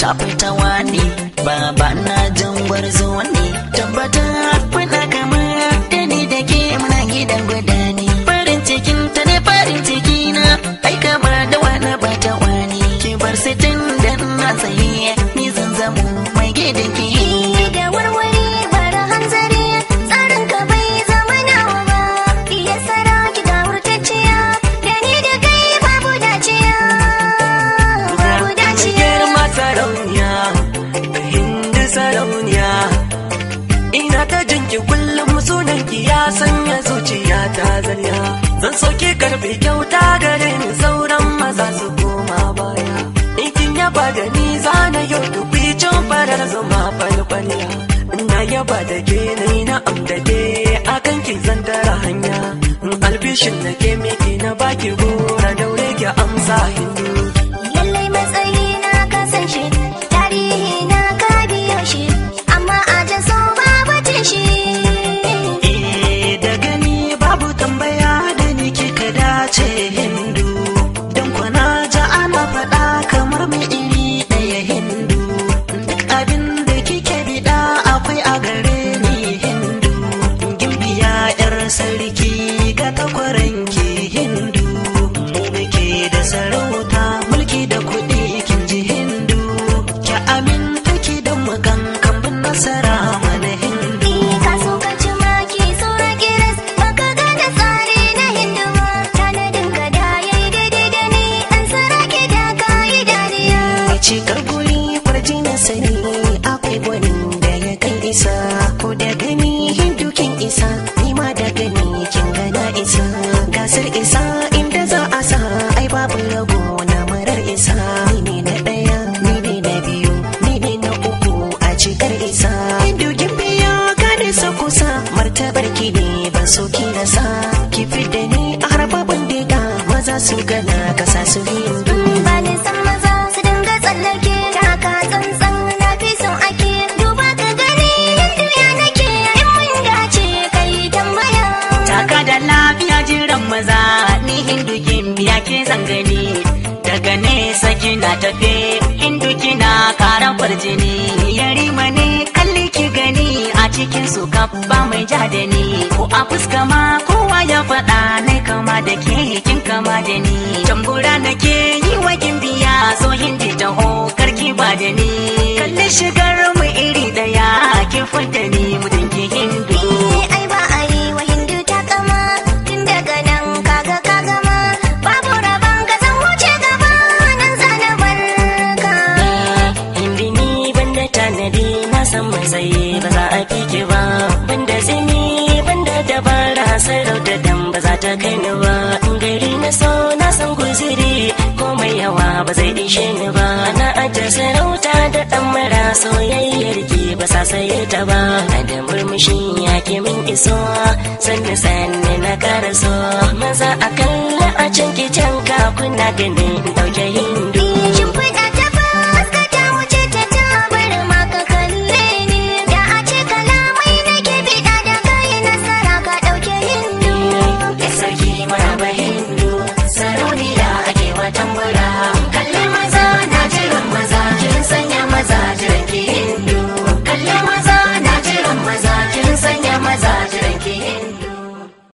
tafi tawaɗi baba na jan gwarzo ne tabbata kuna kama da ni da ke muna gidan guda ne farin cikin ta ne farin ciki na ai kama da wani bata wani ki bar sitin da na tsaye ni zan zamo mai gidan ki ta jinki kullum sunan ki ya sanya zuciya ta zarya zan soke karbe kyauta gare ni sauran maza su koma baya in kin yaba da ni zana yau dubicin farar zama falfaliya ina yaba da ke nai na amdade akan ki zan hanya albishin na ke miki na baki gora daure ki amsa hin ne ban so ki rasa ki ni a harba bindiga maza su gana kasa su yin ba ne san maza su dinga tsallake taka tsantsan na fi son ake duba ka gani yadda ya nake in mun dace kai tambaya taka da lafiya jiran maza ni hindu gimbiya ke zangani daga nesa kina tafe hindu kina karan farjini yari cikin su kabba mai ja da ni ko a fuska ma kowa ya faɗa ne kama da ke kin kama da ni tambura nake yi wa kin biya so hindi ho karki ba da ni kallin shigar mu iri daya kin fanta ni mutum ke hindu zata za kai ni ba in gari na so na san guziri komai yawa ba zai ishe ni ba na ajiye sarauta da dan mara soyayyar ki ba sa saye ta ba da murmushi ya ke min iso sanni sanni na karaso maza a kalla a can ki can ka kuna ganin dauke hin